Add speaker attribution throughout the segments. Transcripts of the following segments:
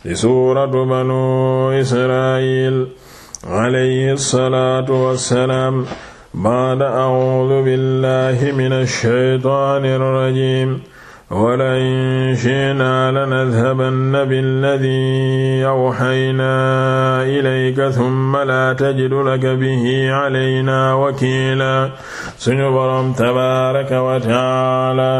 Speaker 1: di suuratu banu israil alayhi salaatu wassalaam baada audu billahi min alshaytaani alrajim wala in shi'naa lanadhabanna billadii awxaynaa ilayka thumma laa tajidu laka bihi alaynaa wakiila suñu boroom tabaaraka wa taala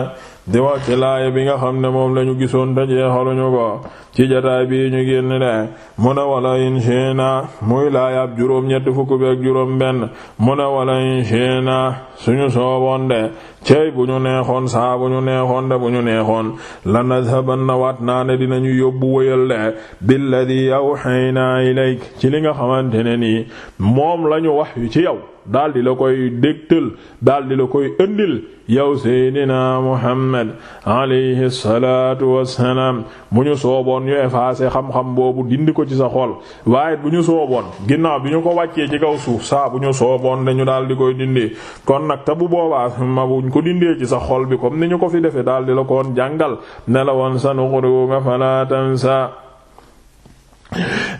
Speaker 1: di wax ci laaya bi nga xam ne moom lañu gisoon te jeexaluñu ko ci jataay bii ñu génn de mu ne wala inshina muy laayaab juróom ñetti fukk bi ak juróom mbenn mu ne wala inshina suñu sooboon de cey bu ñu neexoon saa bu ñu neexoon de bu ñu neexoon la nadhabanna waat naa ne dinañu yóbbu wóyal de billadi awhayna ilayk ci li nga xamante ne nii moom lañu wax yu ci yow daal di la koy dégtal daal di la koy ëndil yow seydina muhammad alayhi salaatu wassalaam bu ñu sooboon ñu effacer xam-xam boobu dindi ko ci sa xool waaye bu ñu sooboon ginnaaw bi ñu ko wàccee ci kaw suuf saa bu ñu sooboon dañu daal di koy dindi kon nag ta boobaa ma bu buñ ko dindee ci sa xol bi comme ni ñu ko fi defee daal di la ko woon jàngal ne la woon sanuqri'uka fala tansa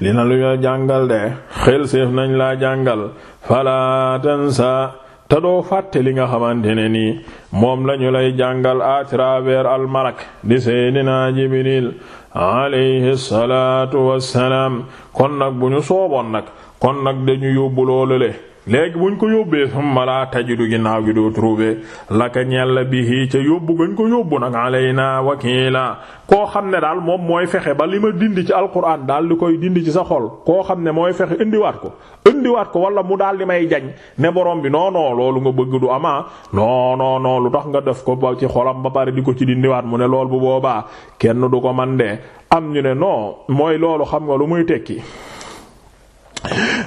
Speaker 1: li na lu ñu jàngal de xel seef nañ laa jàngal fala tansa te doo fàtte li nga xamante ne nii moom lañu lay jàngal à travers al malak di seydina Jibril alayhi salaatu wassalaam kon nag bu ñu sooboon nag kon nag dañu yóbbu loolu le léegi bu buñ ko yóbbee summa laa tajidu ginnaaw gi doo trouver laka ñella bihi ca yóbbu gañ ko yóbbu nag alayna wakiila
Speaker 2: koo xam ne daal moom mooy fexe ba li ma dindi ci alquran daal di koy dindi ci sa xol koo xam ne mooy fexe indiwaat ko indiwaat ko wala mu daal di may jañ ne borom bi non non loolu nga bëgg du ama non non non lu tax nga def ko ba ci xolam ba pare di ko ci dindiwaat mu ne lool bu boobaa kenn du ko man de am ñu ne noo mooy loolu xam nga lu muy tekki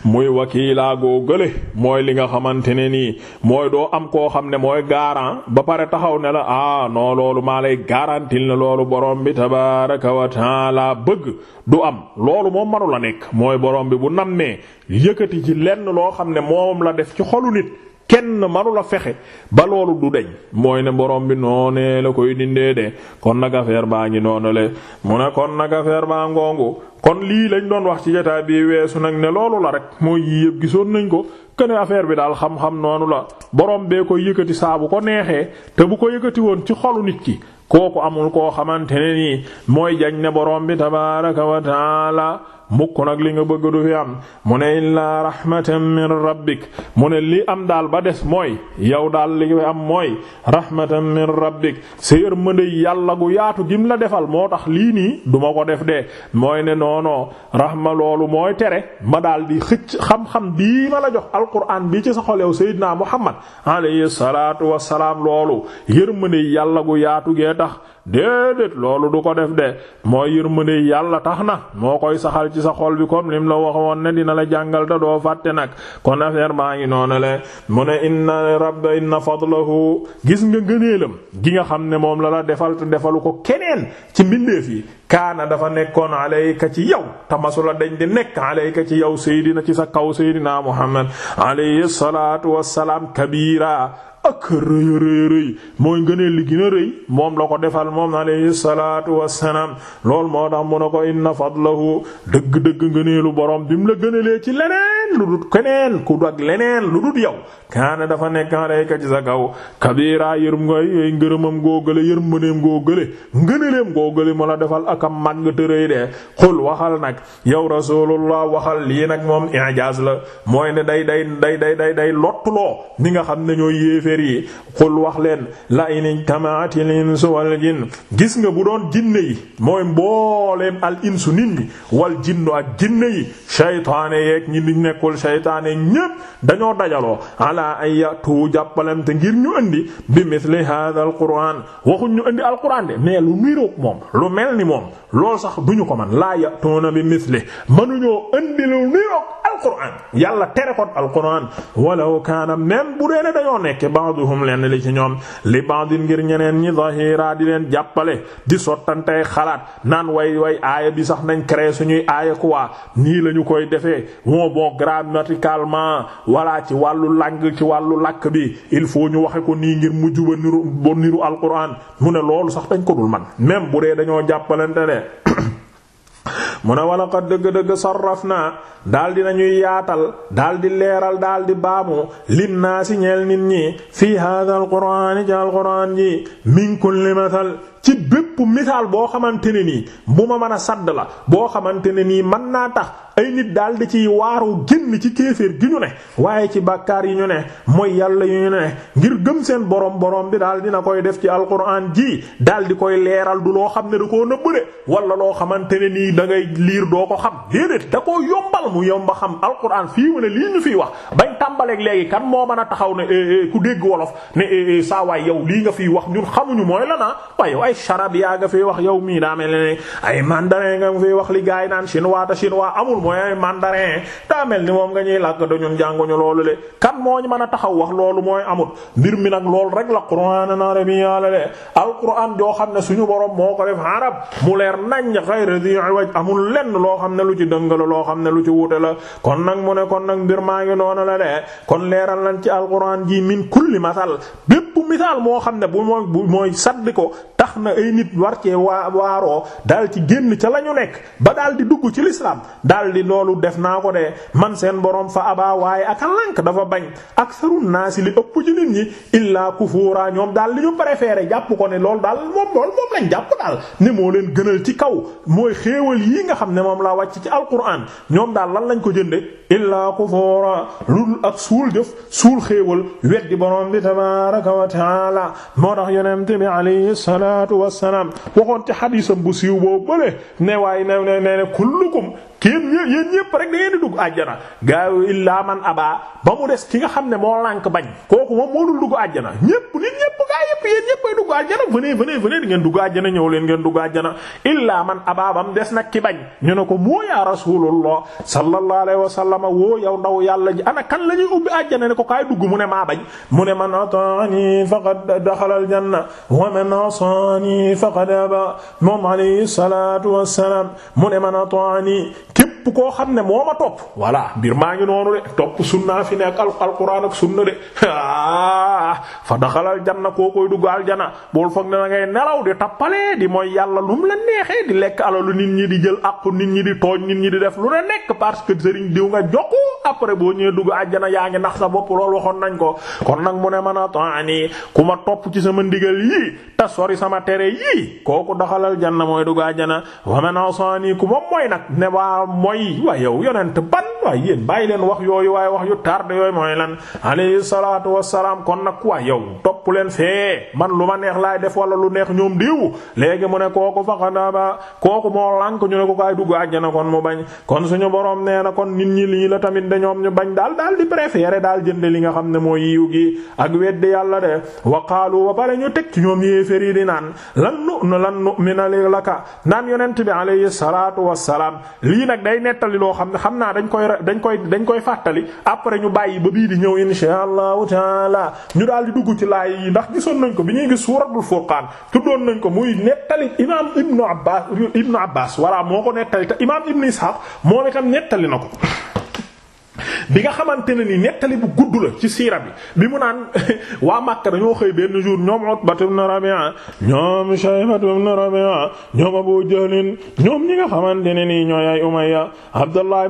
Speaker 2: muy wakiilaa goo gële mooy li nga xamante ne nii mooy doo am koo xam ne mooy garant ba pare taxaw ne la ah non loolu maa lay garantil ne loolu borom bi tabaraka wa taala bëgg du am loolu moom manu la nekk mooy borom bi bu nam nee yëkkati ci lenn loo xam ne moom la def ci xolu nit kenn manula fexe
Speaker 1: ba loolu du deñ mooy ne borom bi noonee la koy dindee de kon nag affaire baa ngi noonu le mu ne kon nag affaire baa ngongu kon lii lañ doon wax ci jotaay bi weesu nag ne
Speaker 2: loolu la rek mooy yii yëpp gisoon nañ ko kene affaire bi daal xam-xam noonu la boroom bee koy yëkkati saa bu ko neexee te bu ko yëkkati woon ci xolu nit ki kooku amul koo xamante ne nii mooy jañ ne borom bi tabaaraka wa taala mukk nag li nga bëgg du fi am mu ne illaa rahmatan min rabbik mu ne li am daal ba des mooy yow daal li am mooy rahmatan min rabbik sa yërmande yàlla gu yaatu gim la defal moo tax lii nii du ma ko def de mooy ne noono rahma loolu mooy tere ma daal di xëcc xam-xam bii ma la jox alquran bii ci sa xol yow Seydina Muhammad alayhi salaatu wassalaam loolu yërmande yàlla gu yaatu gee tax déedéet loolu du ko def de mooy yërmande yàlla tax na moo koy saxaal ci sa xol bi comme lim la woon ne dina la jàngal te doo fàtte nag kon affaire baa ngi noonu le mu ne inna rab inna fadlahu gis nga ngëneelam gi nga xam ne moom la la defal te defalu ko keneen ci mbindeef yi kaana dafa nekkoon alayka ci yow tamasula dañ di nekk alayka ci yow seydina ci sa kaw seydina muhammad alayhi salaatu wassalaam kabiira ak rëy rëy rëy mooy ngëneel li gën a moom la ko defal moom alayhi salaatu wassalaam lool moo tax mu ne ko inna fadlahu dëgg-dëgg ngëneelu borom bi mu la gënalee ci leneen lu dut keneen ku dog leneen lu dut yow kaana dafa nekk alayka ci sa kaw kabira yërëm ngay ngërëmam goo gële yërmandeem goo gële ngëneeleem goo defal ak ka mag tërëy de xul waxal nag yow rasulullah waxal lii nag moom i'jaaz la mooy ne day day day day day day lottuloo ni nga xam ne ñooy yéeféer yi xul wax leen la ini tamaatil insu wal jin gis nga bu doon jinne yi mooy mbooleem al su nit ñi wal jinnu ak jinne yi shaytaane yeeg ñi di nekkul shaytaane ñépp dañoo dajaloo ala ay yatu jàppalante ngir ñu indi bi misli hadha qur'an waxuñ ñu indi al qur'an de mais lu niroog moom lu mel ni moom loolu sax duñu ko man laa ya toona bi misli manuñoo indi lu niroog alquran yàlla tere kon alquran walaw kaana même bu dee ne dañoo nekk ba'duhum leen li ci ñoom li ba'din ngir ñeneen ñi zahira di leen jàppale di sottantey xalaat naan way way aaya bi sax nañ créer suñuy aaya quoi nii lañu koy defee bon bon grammaticalement walaa ci wàllu langue ci wàllu làkk bi il faut ñu waxe ko nii ngir mujj ba niru ba niru alquran mu ne loolu sax dañ ko dul man même bu dee dañoo jàppalante de mu ne wala qad dëgg-dëgg sarrafnaa daal di nañuy yaatal daal di leeral daal di baamu linnaasi ñeel nit ñi fii haadal qur'aani ci alqur'aan ji min kulli mathal ci bépp misaal boo xamante ne nii bu ma mën a sadd la boo xamante ne nii man naa tax ay nit daal di ciy waaru génn ci kéeféer gi ñu ne waaye ci bàkkaar yi ñu ne mooy yàlla yu ñu ne ngir gëm seen borom borom bi daal dina koy def ci alquran ji daal di koy leeral du loo xam ne du koo nëbb de wala loo xamante ne nii da ngay liir doo ko xam déedéet da koo yombal mu yomb xam alquran fii mu ne lii ñu fiy wax bañ tàmbaleek léegi kan moo mën a taxaw ne eh, eh, ku dégg wolof eh, yow lii nga wax ñun mooy la ah. ay charab yaa nga fay wax yow mii daa mel ni ay mandarin nga fay wax li gaay naan chinois te chinois amul mooy ay mandarin daa mel ni moom nga ñuy làkk dañun jànguñu loolu le kan moo ñu mën a taxaw wax loolu mooy amul mbir mi nag loolu rek la qur'aan arabiyya la de alquran joo xam ne suñu borom moo ko def arab mu leer nañ xayra di iwaj amul lenn loo xam ne lu ci dëng la loo xam ne lu ci la kon nag mu ne kon nag mbir maa ngi noonu la de kon leeral lañ ci alquran ji min kulli masal bépp misaal moo na ay nit war cee waa waaroo daal ci génn ca la ñu nekk ba dal di dugg ci lislaam dal di loolu def naa ko de man seen borom fa abaa waaye ak lank dafa bañ aksarun naasi li ëpp ci nit ñi illaa kufuura ñoom daal li ñu préféré jàpp ko ne lool daal moom loolu moom lañ jàpp daal ne moo leen gënal ci kaw mooy xéewal yi nga xam ne moom laa wàcc ci alquran ñoom daal lan lañ ko jënde illaa kufuura lul ak suul jëf suul xéewal weddi borom bi tabaaraka wa salaatu wassalaam waxoon ci xadiisam bu siiw boo bële ne waaye ne ne ne kullukum yéen ñë yéen ñëpp rek da ngeen di dugg àjjana gaayu illaa man abaa ba mu des ki nga xam ne moo lànk bañ kooku moom moo dul dugg àjjana ñëpp nit ñëpp gaa yëpp yéen ñëpp dugg àjjana venez venez venez di dugg àjjana ñëw leen ngeen dugg àjjana illaa man abaa ba mu des nag ki bañ ñu ne ko moo yaa rasulullah sallallahu alayhi wa woo yow ndaw yàlla ji ana kan la ñuy ubbi àjjana ne ko kaay dugg mu ne maa bañ mu ne man ataani faqad daxala al wa man asaani faqad képp koo xam ne moo ma topp voilà mbir maa ngi noonu de topp sunna fi nekk alquran ak sunna de ah fa daxalal janna koo koy dugg aljana bool foog ne nelaw di tappale di mooy yàlla lu mu la neexee di lekk alalu nit ñi di jël àqu nit ñi di tooñ nit ñi di def lu ne nekk parce que sëriñ diw nga jokku après boo ñëwee dugg aljana yaa ngi nax sa bopp loolu waxoon nañ ko kon nag mu ne mën a ata'ani ku ma topp ci sama ndigal yii te sori sama tere yii kooku daxalal janna mooy dugg aljana wa man mooy nag ne mooy wa yow yonent ban waaye yéen bàyyi leen wax yooyu waaye wax yu tardé yooyu mooy lan alayhi salaatu wassalaam kon nag waa yow topp lu ma neex laay def wala lu neex ñoom diw léegi mu ne kooku faxadaba kooku ñu ne ko kaay dugg àjjana kon mu bañ kon suñu borom nee na kon nit ñi lii la tamit dañoom ñu bañ daal daal di préféré daal jënd li nga xam ne moo yiw gi ak weddi yàlla de waqaalu ba pare ñu teg ci ñoom yéefér di naan lan nu lan nu mina laka naan yonent bi alayhi salaatu wassalaam lii nag day nettali loo xam ne xam naa dañ koy dañ koy dañ koy fàttali après ñu bàyyi ba bii di ñëw insha allahu taala ñu daal di dugg ci laay yi ndax gisoon nañ ko bi ñuy gis suuratul furqaan tuddoon nañ ko muy nettali imaam ibnu abbas ibnu abbas walla moo ko nettali te imaam ibnu ishaq moom itam nettali na ko bi nga xamante ne ni nettali bu gudd la ci siira bi bi mu naan waa Makka dañoo xëy benn jour ñoom Utbatu ibn Rabi'a ñoom Abu Jahlin ñoom ñi nga xamante ne nii ñooy yaay Umayya Abdullah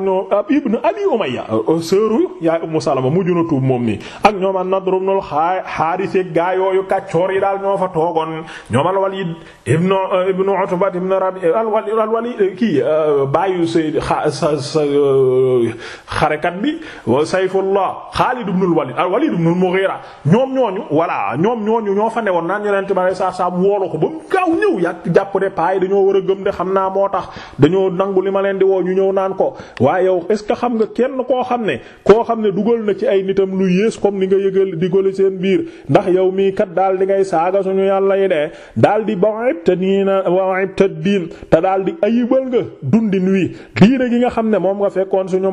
Speaker 2: ibn Abi Umayya euh, seeru yaay Ummu Salama mujj na tuub moom nii ak ñoom an-Nadr ibn al-Harith gaa yooyu kàccoor yi daal ñoo fa toogoon ñoom al-Walid ibn euh, ibn Utbat ibn kii euh, baayu sa xarekat bi wa sayfullah Xaalid ibnul Walid al Walid ibnul Mughira ñoom ñooñu voilà ñoom ñooñu ñoo fa newoon naan yonent ma saa saa mu woolu ko ba mu gaaw ñëw yàgg jàpp de paay dañoo war a gëm de xam naa moo tax dañoo nangu li ma leen di woo ñu ñëw naan ko waaye yow est ce que xam nga kenn koo xam ne koo xam ne dugal na ci ay nitam lu yées comme ni nga yëgal di gole seen biir ndax yow mii kat daal di ngay saaga suñu yàlla yi de daal di ba te diina baib te diin te daal di ayibal nga dundin wi diina gi nga xam ne moom nga fekkoon suñu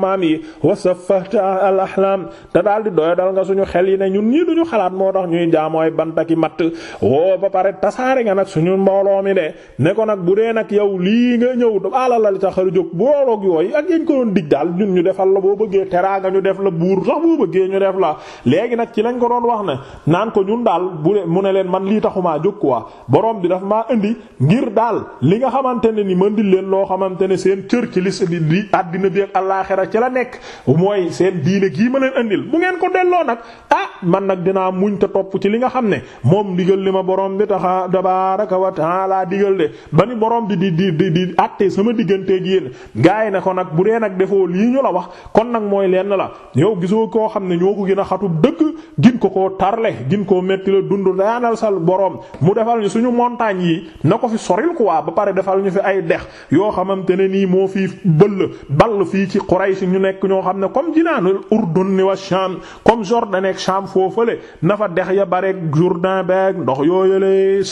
Speaker 2: al ahlaam te daal di doyo dal nga suñu xel yi ne ñun ñii duñu xalaat moo tax ñuy jaamooy bantaki matt woo ba pare tasaare nga nag suñu mbooloo mi de ne ko nag bu dee nag yow lii nga ñëw alalal tax a jóg booloog yooyu ak yéen ko doon dig daal ñun ñu defal la boo bëggee teraanga ñu def la buur sax boo bëggee ñu la léegi nag ci lañ ko doon wax ne naan ko ñun daal bu mu ne leen man lii taxumaa jóg quoi borom bi dafa maa indi ngir daal li nga xamante ne ni mën di loo xamante ne seen cër li di àddina bi ak àllaaxira ci la nekk mooy mooy seen diine gii ma leen andil bu ngeen ko delloo nag ah man nag dinaa muñ te topp ci li nga xam ne moom digal li ma borom bi taxa tabaaraka wa taala digal de ba ni borom bi di di di di àtte sama digganteeg yéen gars yi ne ko nag bu dee nag defoo lii ñu la wax kon nag mooy lenn la yow gisoo koo xam ne ñoo ko gën a xatub dëkk gin ko koo tarle gin koo metti la dund daanal sal borom mu defal ñu suñu montagne yi na ko fi soril quoi ba pare defal ñu fi ay dex yoo xamante ne nii moo fii bëll ball fii ci Quraysh ñu nekk ñoo xam ne comme jinaanul Urdun wa Sham comme Jordan ak Sham foofale na fa dex ya bareeg Jourdain beeg ndox yooyale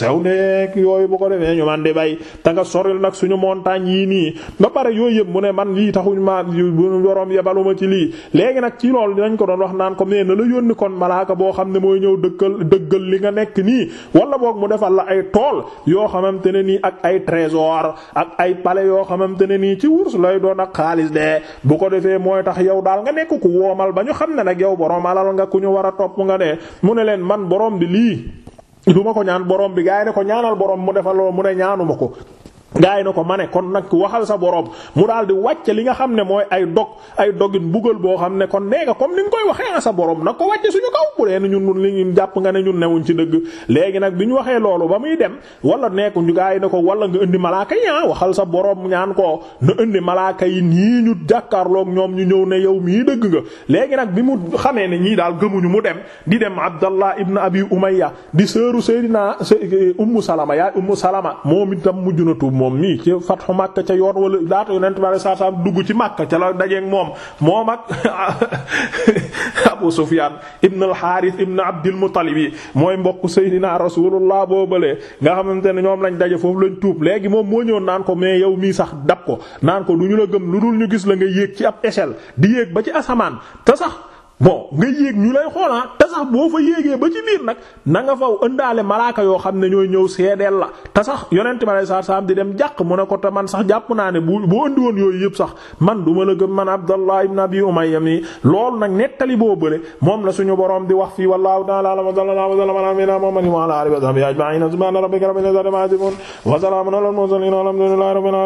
Speaker 2: yooyu bu ko defee ñu man di bay te nga soril nag suñu montagne yii nii ba pare yooyu yëpp mu ne man lii taxuñ ma borom yebaluma ci lii léegi nag ci loolu dinañ ko doon wax naan ko mais na la yónni kon malaaka boo xam ne mooy ñëw dëkkal dëggal li nga nekk nii wala boog mu defal la ay tool yoo xamante ne nii ak ay trésor ak ay pale yoo xamante ne nii ci wursu lay doon ak xaalis de bu ko defee mooy tax yow daal nga nekk ku woomal ba ñu xam ne nag yow borom alal nga ku ñu war a topp nga ne mu ne leen man borom bi lii du ma ko ñaan borom bi gaa yi ne ko ñaanal borom mu defal loolu mu ne ñaanuma ko gaay na ko ma ne kon nag waxal sa borom mu daal di wàcc li nga xam ne mooy ay dog ay dogin bugal boo xam ne kon nee nga comme ni nga koy waxee a ah sa borom nag ko wàcce suñu kaw bu leen ñun li ñu jàpp nga ne ñun newuñ ci dëgg léegi nag bi ñu waxee loolu ba muy dem wala nekku ñu gaay na ko wala nga indi malaaka yi ah waxal sa borom ñaan ko na indi malaaka yi nii ñu jàkkaarloog ñoom ñu ñëw ne yow mii dëgg nga léegi nag bi mu xamee ne ñii daal gëmuñu mu dem di dem Abdallah ibn Abi Umayya di seeru Seydina Ummu Salama yaay Ummu Salama moom itam mujj na tuub moom mii ci fatxu Makka ca yoon wala laata yonent bi saa saa dugg ci Makka ca la dajeeg moom moom ak Abu Sufyaan ibn al-Haaris ibn Abdil Muttalib yi mooy mbokk Seydina Rasulullah boobale nga xamante ne ñoom lañ daje foofu lañ tuub léegi moom moo ñëwoon naan ko mais yow mii sax dab ko naan ko du ñu la gëm lu dul ñu gis la nga yéeg ci ab échelle di yéeg ba ci asamaan te sax. bon nga yéeg ñu lay xool ah te sax boo fa yéegee ba ci biir nag na nga faw ëndaale malaaka yoo xam ne ñooy ñëw seedeel la te sax yonent ma lay saam di dem jàq mu ne ko te man sax jàpp naa ne bu boo andi woon yooyu yëpp sax man du ma la gëm man Abdallah ibn Abi Umayya mi loolu nag nettali boo bële moom la suñu borom di wax fii wallahu ta'ala a'lam wa sallallahu wa sallama
Speaker 1: ala wa ala alihi wa sahbihi ajma'in subhana rabbika rabbil izzati amma yasifun wa salamun alal mursalin walhamdulillahi